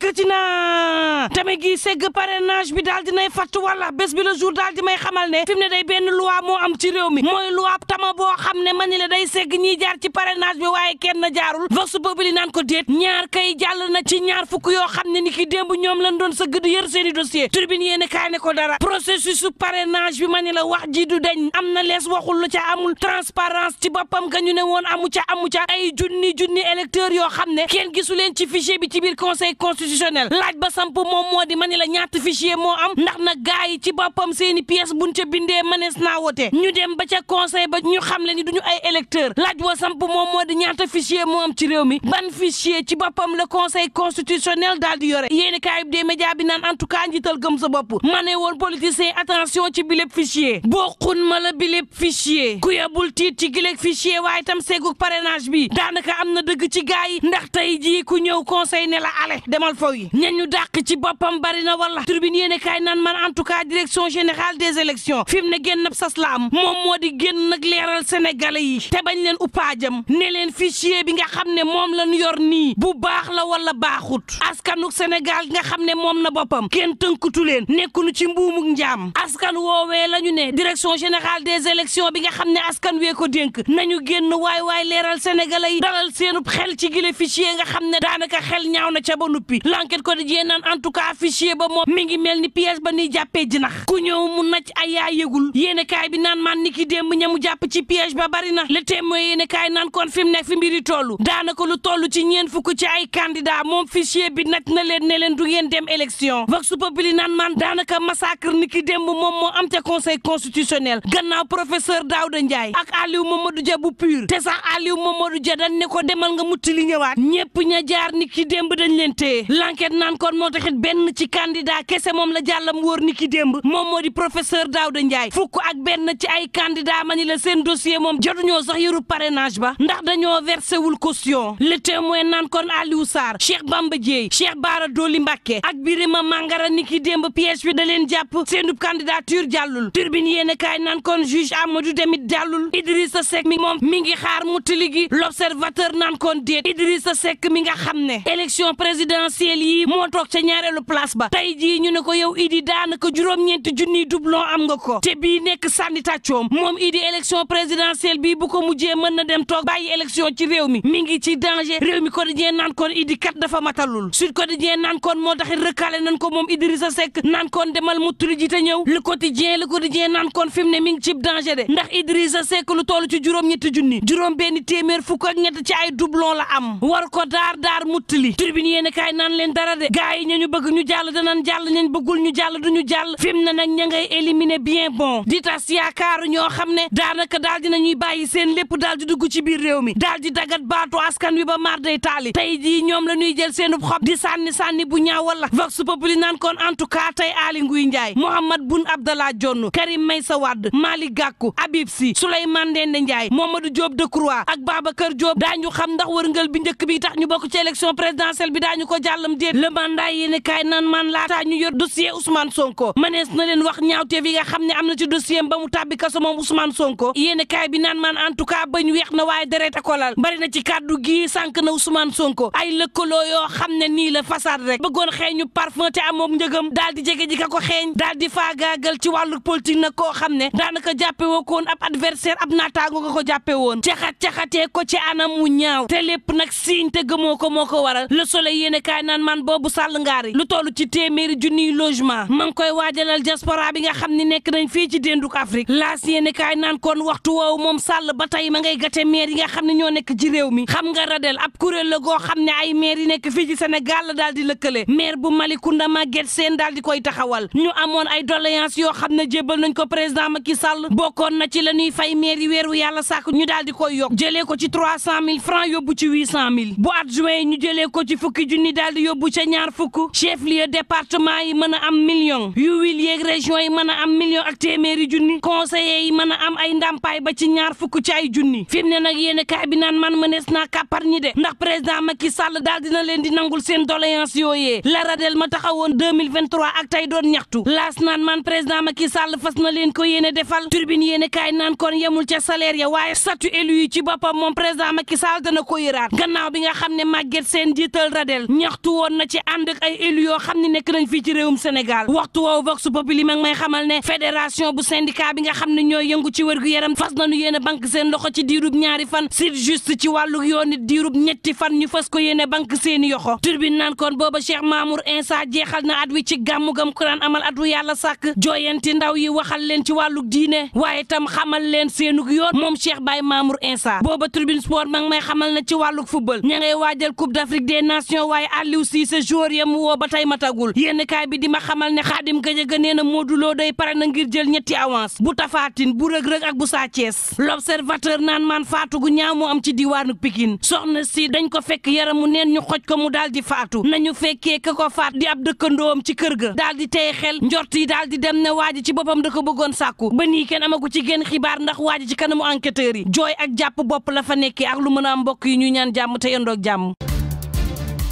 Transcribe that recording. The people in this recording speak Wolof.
dikkati na tamit gi segg parrainage bi daal dinay fatt wala bés bi le jour may xamal ne fi mu ne day benn loi moo am ci réew mi mooy loi tama boo xam ne mani la day segg ñiy jaar ci parrainage bi waaye kenn jaarul vox populi naan ko déet ñaar kay jàll na ci ñaar fukk yoo xam ne ni ki démb ñoom lañ doon sëgg di yër seeni dossier tribune yéen kaay ko dara processus parrainage bi mani la wax ji du dañ am na lees waxul lu ca amul transparence ci boppam ga ñu ne woon amu ca ca ay junni yoo xam ne kenn gisu bi ci biir constitutionnel laaj ba samp moom moo di ma ni la ñaata fichier moo am ndax na gars yi ci boppam seeni pièce buñ ca bindee mënees na wote ñu dem ba ca conseil ba ñu xam le ni duñu ay électeur laaj wa samp moom moo di ñaata fichier moom am ci réew mi ban fichier ci boppam la conseil constitutionnel daal di yore yéeni kaay bi dee média bi naan en tout cas njiital gëm sa bopp ma ne woon politicien attention ci bileb boo bokkun ma la bileb fichier ku yabul tiit ci gileeg fichier waaye tam seegug parrainage bi daanaka am na dëgg ci gars yi ndax tey jii ku ñëw conseil ne faw yi ñen ñu dàq ci boppam bari na wala turbine yéen kaay naan man en tout cas direction générale des élections fi mu ne génn ab sas moom moo di génn nag leeral sénégalais yi te bañ leen uppaajam ne leen fichier bi nga xam ne moom lañu yor nii bu baax la wala baaxut askanu sénégal nga xam ne moom na boppam kenn tënkutu leen nekkunu ci mbuumuk njaam askan woowee lañu ne direction générale des élections bi nga xam ne askan wee ko dénk nañu génn waay waay leeral sénégalais yi dalal seenub xel ci gile nga xam ne daanaka xel ñaaw na ca ba nuppi l'enquête quotidien naan en tout cas fichier ba moom mi ngi mel ni pièce ba nuy jàppee jinax ku ñëw mu naj ay yaa yëgul yéene kaay bi naan man ni ki démb ñamu jàpp ci piège ba bari na le témoin yéene kaay naan kon fi mu nekk fi mbiri toll daanaka lu toll ci ñeen fukk ci ay candidat moom fichier bi naj na leen ne leen du ngeen dem élection vox populi naan man daanaka massacre ni ki démb moom moo am te conseil constitutionnel gannaaw professeur Daouda Ndiaye ak Aliou Mamadou Dia bu pur te sax Aliou Mamadou Dia dañ ne ko demal nga mutti li ñëwaat ñëpp ña jaar ni ki démb dañ leen téye l'enquête naan kon moo taxit benn ci candidat kese moom la jàllam wóor ni ki démb moom moo di daaw Daouda Ndiaye fukk ak benn ci ay candidat ma ni la seen dossier moom jotuñoo sax yoru parrainage ba ndax dañoo versé wul caution le témoin naan kon Aliou Sarr Cheikh Bamba Dièye Cheikh Bara Doli Mbacké ak Birima Mangara ni ki démb piège bi da leen jàpp seenub candidature jàllul turbine yéen kaay naan kon juge Amadou Demit jàllul Idrissa Seck mi moom mi ngi xaar mu tiligi l'observateur naan kon déet Idrissa Seck mi nga xam ne officiel yi moo toog ca ñaareelu place ba tey jii ñu ne ko yow Idi daanaka juróom-ñeenti junni doublon am nga ko te bii nekk sànni tàccoom moom Idi élection présidentielle bii bu ko mujjee mën na dem toog bàyyi élection ci réew mi mi ngi ci danger réew mi quotidien naan kon Idi kat dafa matalul Sud Quotidien naan kon moo taxit recalé nañ ko moom Idrissa Seck naan kon demal muttuli ji te ñëw Le Quotidien Le Quotidien naan kon fi mu ne mi ngi ci danger de ndax Idrissa Seck lu toll ci juróom-ñetti juróom benn téeméer fukk ak ñett ci ay doublon la am war ko daar daar man leen dara de gars yi ñañu bëgg ñu jàll danañ jàll ñañ bëggul ñu jàll duñu jàll fi mu ne nag ña bien bon di tas yaakaaru ñoo xam ne daanaka daal di nañuy bàyyi seen lépp daal di dugg ci biir réew mi daal di dagat baatu askan wi ba mar day taali tey jii ñoom la ñuy jël seen xob di sànni sànni bu ñaaw wala vox populi naan kon en tout cas tey Aly Ngouille Ndiaye Mohamed bun Abdallah Dionne Karim Meïssa Wade Malick Gakou Habib Sy Souleymane Ndéné Ndiaye Mamadou Diop Decroix ak Babacar Diop daañu xam ndax wërngal bi njëkk bi tax ñu bokk ci élection présidentielle bi daañu ko jàll wàllam déet le mandat yéeni kaay naan man laataa ñu yor dossier Ousmane Sonko manees na leen wax ñaawteef yi nga xam ne am na ci dossier ba mu tàbbi kaso Sonko yéeni kaay bi naan man en tout weex na waaye dereta kolal bari na ci kàddu gii sànk na Ousmane Sonko ay lëkkaloo yoo xam ne nii la façade rek bëggoon xeeñu parfum te amoom njëgam daal di jege ji ka ko xeeñ daal di faagaagal ci wàllu politique nag koo xam ne daanaka jàppe woo koon ab adversaire ab naataango nga ko jàppe woon caxat-caxatee ko ci anam wu ñaaw te lépp nag siiñ te gëmoo ko moo ko waral le naan man boobu sàll ngaari lu toll ci téeméeri junniy logement ma ngi koy waajalal diaspora bi nga xam ni nekk nañ fii ci dénduk Afrique laas yéene kaay naan kon waxtu woowu moom sàll ba tey ma ngay gate maire yi nga xam ne ñoo nekk ci réew mi xam nga radel ab kuréel la goo xam ne ay maire nekk fii ci Sénégal la daal di lëkkale maire bu Malicounda Maguette Sène daal di koy taxawal ñu amoon ay doléance yoo xam ne jébal nañ ko président Macky Sall bokkoon na ci la ñuy fay maire yi yàlla sàkk ñu daal di koy yokk jëlee ko ci trois cent mille francs yóbbu ci huit cent mille yóbbu ca ñaar fukk chef lieu département yi mën a am million yu wil a am junni conseillers yi mën a am ay ndàmpaay ba ci ñaar fukk ci ay junni fi ne nag yéen kaay bi naan man mënees naa ñi de ndax président Macky Sall daal dina leen di nangul seen doléance yooyee la radel ma taxawoon 2023 ak doon ñaxtu laas naan man président Macky Sall fas leen ko yéene defal turbine yéene kaay naan kon yemul ca salaire waaye statut élu yi ci boppam moom président Macky artu woon na ci ànd ak ay élu yoo xam ne nekk nañ fii ci waxtu woowu vox populi ma ngi may xamal ne fédération bu syndicat bi nga xam ne ñooy yëngu ci wérgu yaram fas nañu yéen a banque seen loxo ci diirub ñaari fan sit juste ci wàllu yoon it diirub ñetti fan ñu fas ko yéen a banque seen yoxo turbine naan kon booba Cheikh Mamour Insa jeexal na at wi ci gàmmugam kuraan amal at yàlla sàkk jooyanti ndaw yi waxal leen ci wàllu diine waaye tam xamal leen seenug yoon moom Cheikh Baye Mamour Insa booba turbine sport ma ngi may xamal ci wàllu football Aliou Cissé joueur yam woo ba tey matagul yenn kaay bi di ma xamal ne Xaadim Gadiaga nee na Modou day pare na ngir jël ñetti avance bu tafaatin bu rëg-rëg ak bu Sa Thiès l'observateur naan maan faatu gu ñaaw moo am ci diwaanu Pikine soxna si dañ ko fekk mu neen ñu xoj ko mu daal di faatu nañu fekkee ka ko faat di ab dëkkandoom ci kër ga daal di tey xel njort yi daal di dem ne waa ji ci boppam da ko bëggoon sàkku ba nii kenn amagu ci génn xibaar ndax waa ci kanamu enquêteurs yi jooy ak jàpp bopp la fa nekkee ak lu mën a mbokk yi ñu ñaan jàmm te yendoog